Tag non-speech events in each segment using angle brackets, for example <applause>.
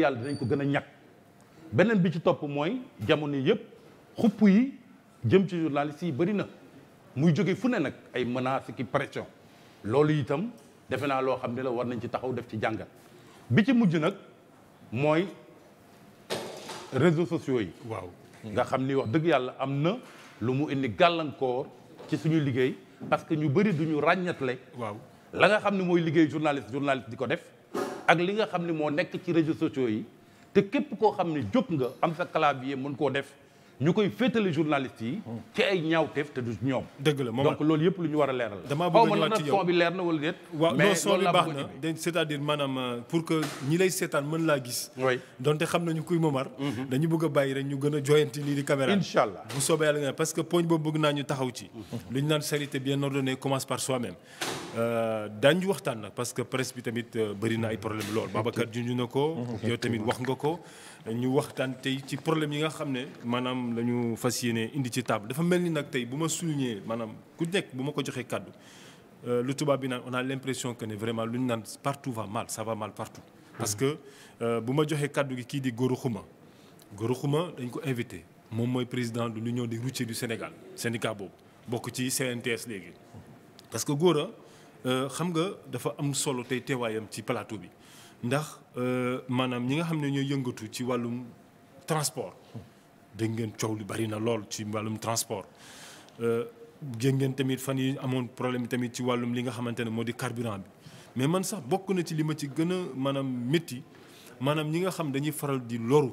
yàlla dinañ ko gën a ñàkk beneen bi ci topp mooy jamono yëpp xupp yi jëm ci journaliste yi bëri na muy jóge fu ne nag ay menaces ki pression loolu itam defe naa loo xam ne la war nañ ci taxaw def ci jàngat bi ci mujj nag mooy réseaux sociaux yi waaw nga xam ni wax dëgg yàlla am na lu mu indi gàllankoor ci suñu liggéey parce que ñu bëri duñu ràññatle waaw la nga xam ne mooy liggéey journaliste journaliste di ko def ak li nga xam ni moo nekk ci réseaux sociaux yi te képp koo xam ne jóg nga am sa clavier mën koo def ñu koy féetale journaliste yi hmm. ci ay ñaawteef te du ñoom dëgg la donc loolu yëpp lu ñu war a leeral la xaw ma nag son bi leer na wala déet waaw non son bi baax na maanaam euh, pour que ñi lay seetaan mën laa gis donte xam nañu kuy Momar mhm. dañu bëgg a bàyyi rek ñu gën a joyanti lii di caméra incha allah bu soobee parce que poñ boobu bëgg naa ñu taxaw ci mhm. lu ñu naan charité bien ordonnée commence par soi-même euh, daañu waxtaan nag parce que presse bi tamit euh, bëri na ay problème lool Babacar junj na ko mhm. yow tamit wax nga ko ñu waxtaan tey ci problème yi nga xam ne maanaam lañu fas yéene indi ci table dafa mel ni nag tey bu ma souligner maanaam ku nekk bu ma ko joxee kàddu euh, lu tubaab bi naan on a l'impression que ne vraiment lu ñu naan partout va mal ça va mal partout. parce que euh, bu ma joxee kàddu gi kii di Gora Khouma Gora Khouma dañ ko invité moom mooy président de l'union di routiers du Sénégal syndicat boobu bokk ci CNTS léegi parce que Gora euh, xam nga dafa am solo tey teewaayam ci plateau bi. ndax euh, maanaam ñi nga xam ne ñooy yëngatu ci wàllum transport dégg ngeen coow lu bari na lool ci wàllum transport euh, dégg ngeen tamit fan yi amoon problème tamit ci wàllum li nga xamante ne moo di carburant bi mais man sax bokk na ci li ma ci gën a maanaam métti maanaam ñi nga xam dañuy faral di loru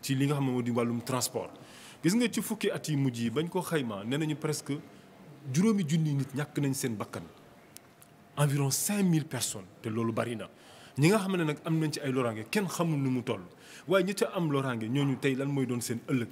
ci li nga xam ne moo di wàllum transport gis nga ci fukki at yi mujj yi bañ koo xaymaa ne nañu presque juróomi junni nit ñàkk nañ seen bakkan environ 5000 personnes te loolu bari na ñi nga xam ne nag am nañ ci ay loraange kenn xamul nu mu toll waaye ñi ca am loraange ñooñu tey lan mooy doon seen ëllëg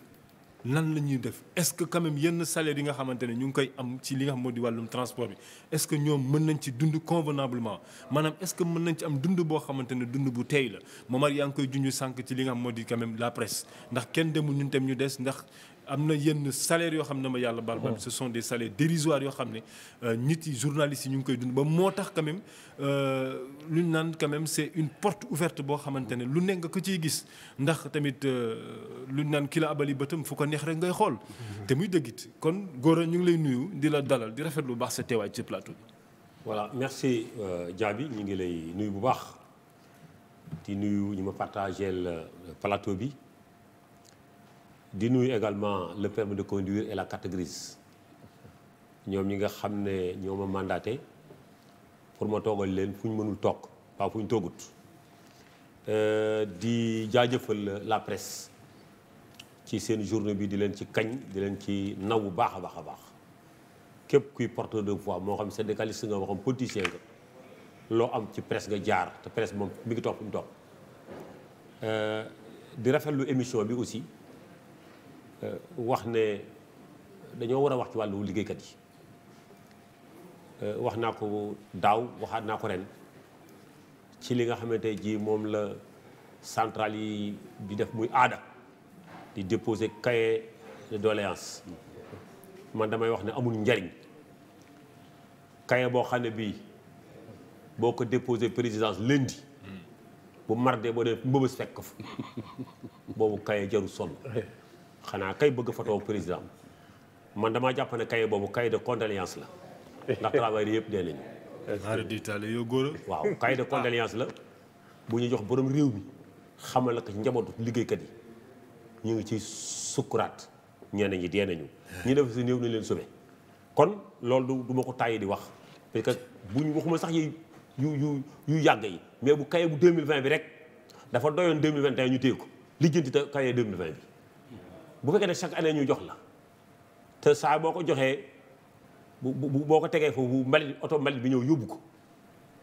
lan la def est-ce que quand yenn salaire yi nga xamante ne ñu ngi koy am ci li nga xam moo di wàllum transport bi est-ce que ñoom mën nañ ci dund convenablement maanaam est-ce que mën nañ ci am dund boo xamante ne dund bu tey la Momar yaa ngi koy junj sànq ci li nga xam moo di quand même la presse ndax kenn demul ñun tam ñu des ndax am na yenn salaire yoo xam ne ma yàlla baal baal oh. ce sont des salaires dérisoires yoo xam ne euh, nit yi yi ñu ngi koy dund ba moo tax quand même euh, lu ñu naan quand même c'est une porte ouverte boo xamante ne lu nekk nga ko ciy gis ndax tamit euh, lu ñu naan ki la abali bëtam fu ko neex rek ngay xool mm-hmm. te muy dëggit kon góor ñu ngi lay nuyu di la dalal di rafet lu baax sa teewaay ci plateau bi voilà merci Diaby ñu ngi lay nuyu bu baax di nuyu ñu ma partageel plateau bi di nuyu également le perme de conduire et la carte grise ñoom ñi nga xam ne ñoo ma mandaté pour ma toogal leen fu ñu mënul toog waaw fu ñu toogut euh, di jaajëfal la press ci seen journée bi di leen ci kañ di leen ci naw bu baax a baax a baax képp kuy porteur de fois moo xam syndicaliste nga moo xam politicien nga loo am ci presse nga jaar te presse moom mi ngi toog fu mu toog euh, di rafetlu émission bi aussi Euh, wax ne dañoo war a wax ci wàllu liggéeykat yi euh, wax naa ko daaw waxaat naa ko ren ci li nga xam ne tey jii moom la central yi di def muy aada di déposer kaye de doléance man damay wax ne amul njariñ kaye boo xam ne bii boo ko déposé présidence lundi bu mardee boo dee mbëbës fekk fa <laughs> boobu cahier jaru sonn xanaa kay bëgg photo président man damaa jàpp ne boobu cahier de condoléance la ndax <laughs> travailleurs yëpp dee nañu. waaw yow góor waaw cahier de ah. condoléance la bu ñu jox boroom réew mi xamal la ko njabootu liggéeykat yi ñu ngi ci sukkuraat ñenn ñi dee nañu. ñu def si néew nañ leen sauvé kon loolu du ma ko taye di wax parce que bu ñu waxuma sax yu yu yu yàgg yi mais bu cahier bu 2020 bi rek dafa doyoon 2021 ñu téye ko lijjanti te cahier 2020 bi. bu fekkee ne chaque année ñu jox la te saa boo ko joxee bu boo ko tegee foofu mbalit oto mbalit bi ñëw yóbbu ko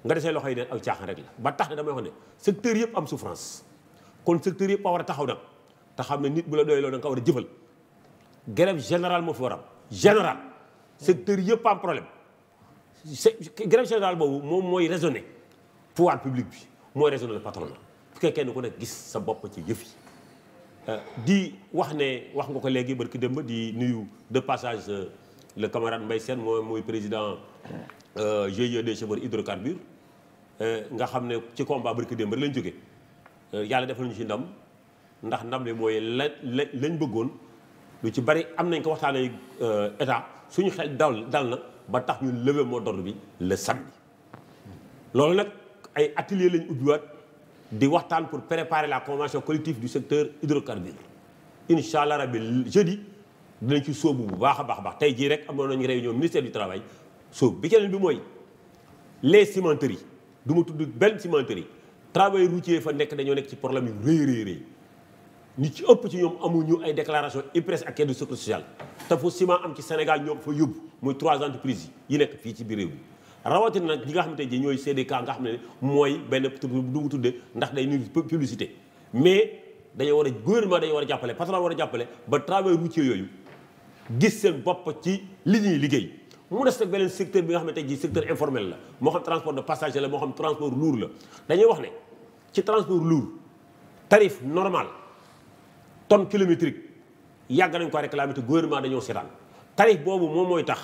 nga desee loxo yi ne aw caaxaan rek la ba tax ne damay wax ne secteur yëpp am souffrance kon secteur yëpp a taxaw nag te xam ne nit bu la doy loo da nga a jëfal grève générale moo fi war am général secteur yëpp am problème grève générale boobu moom mooy raisonner pouvoir public bi mooy raisonner le patronat bu fekkee kenn ku nekk gis sa bopp ci yëf yi di wax ne wax nga ko léegi barki démb di nuyu de passage euh, le camarade Mbaye seen moo mooy président euh, GIE des chauffeurs hydrocarbures euh, nga xam ne ci combat barki démb rek lañ jógee yàlla defal ñu ci ndam ndax ndam li mooy la la lañ bëggoon lu ci bari am nañ ko waxtaanee état suñu xel dal dal na ba tax ñu lever mot d'ordre bi le samedi loolu nag ay atelier lañ ubbiwaat. di waxtaan pour préparer la convention collective du secteur hydrocarbure incha allah rabi jeudi dinañ ci sóobu bu baax a baax baax tey jii rek amoon nañu réunion ministère du travail sóobu bi keneen bi mooy les cimenteries du ma tudd benn cimenterie travail routier fa nekk dañoo nekk ci problème yu rëy rëy rëy ñi ci ëpp ci ñoom amuñu ay déclaration IPRES ak caisse social sécurité sociale te fu ciment am ci Sénégal ñoom fa yóbbu muy trois entreprises yi nekk fii ci biir réew rawatina nag ñi nga xamante ne ñooy CDK nga xam ne mooy benn tur du mu tudde ndax day nuyu publicité mais dañoo war a gouvernement dañoo war a jàppale patron war jàppale ba travail routier yooyu gis seen bopp ci li ñuy liggéey mu des nag beneen secteur bi nga xamante ji secteur informel la moo xam transport de passager la moo xam transport lourd la dañuy wax ne ci transport lourd tarif normal ton kilométrique yàgg nañ ko réclamer te gouvernement dañoo seetaan tarif boobu moom mooy tax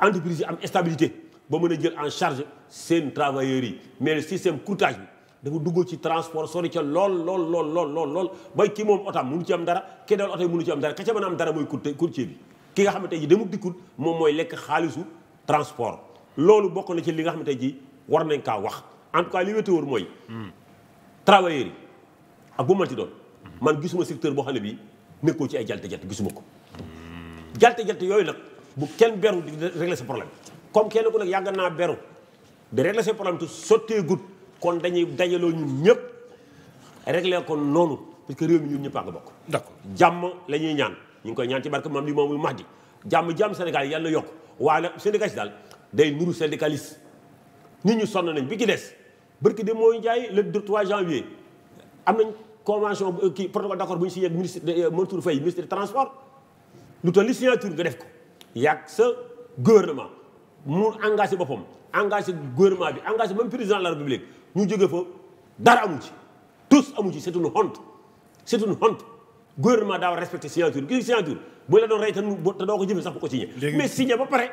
entreprise yi am stabilité ba mën a jël en charge seen travailleurs yi mais le système courtage bi dafa dugg ci transport sori ca lool lool lool lool lool lool bay kii moom otaam mënu ci am dara kii daal oto yi mënu ci am dara ka ca mën a am dara mooy courte courtier bi ki nga xamante ji demul dikkut moom mooy lekk xaalisu transport loolu bokk na ci li nga xamante ji war nañ kaa wax en tout cas li wéte mooy hmm. travailleurs yi bu ma ci doon man gisuma secteur boo xam ne bii nekkoo ci ay jalte jalte gisuma ko jalte hmm. jalte yooyu nag bu kenn beru di régler sa comme kenn ku nekk yàgg naa beru di régler ses problèmes te sottee gut kon dañuy dajaloo ñun ñëpp régler ko noonu parce que réew mi ñun ñëpp a bokk. d'accord jàmm la ñuy ñaan ñu ngi koy ñaan ci barke maam li moom Mahdi jàmm jam Sénégal yàlla yokk waaye nag syndicaliste daal day nuru syndicaliste nit ñu sonn nañ bi ci des barki de mooy jaay le 3 janvier am nañ convention kii protocole d'accord bu ñu signé ak ministre euh, Mansour ministre des transports lu toll li signature nga def ko yàgg sa gouvernement mu engagé boppam engagé gouvernement bi engagé même président de la république ñu jóge fo dara amu ci tous amu ci c'est une honte c'est une honte gouvernement daa war respecté signature gis signature bu la doon rey te doo ko jëfee sax bu ko signé mais signé ba pare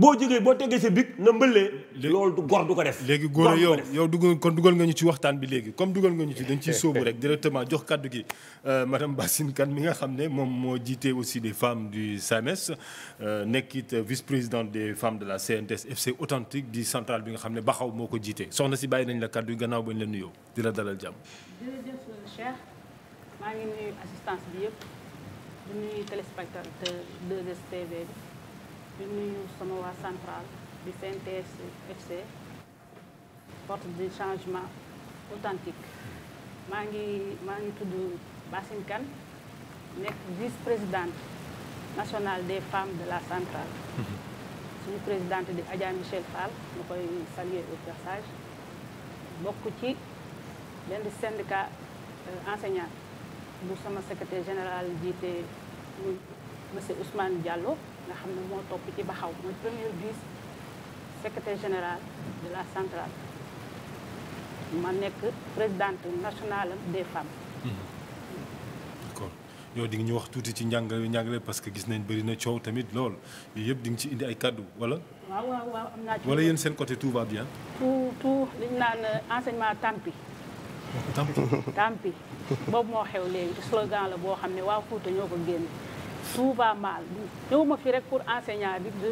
boo jógee boo tegee sa bic na mbëllee loolu du du ko def léegi góor yow yow dugal kon dugal nga ñu ci waxtaan bi léegi comme dugal nga ñu ci dañ ciy <laughs> sóobu rek directement jox kàddu gi euh, madame Bassine Kane mi nga xam ne moom moo jiitee aussi des femmes du SAMES euh, nekk it vice présidente des femmes de la CNTS FC authentique di centrale bi nga xam ne Baxaw moo ko jiitee soxna si bàyyi nañ la kàddu yi gannaaw bañ la nuyoo di la dalal jàmm euh, di nuyu sama waa central di CNTS FC porte du changement authentique maa ngi maa ngi tudd Bassine Kane nekk vice présidente national des femmes de la centrale mhm. suñu présidente di Adja Michel Fall ma koy saluer au passage bokk ci benn syndicat euh, enseignant bu sama secretaire général jiite muy monsieur Ousmane Diallo nga xam ne moo topp ci baxaw mooy premier vice secrétaire général de la centrale ma nekk présidente nationale des femmes mhm. d'accord ñoo di nga ñu wax tuuti ci njàngale njàngale parce que gis nañ bëri na coow tamit lool yooyu yëpp di nga ci indi ay kàddu wala waaw waaw waaw am naa ci wala yéen seen côté tout va bien tout naan euh, enseignement tampi tampi boobu moo xew léegi slogan la boo xam ne waa Fuuta ñoo ko génn Touba Maal ñëwuma fi rek pour enseignant bi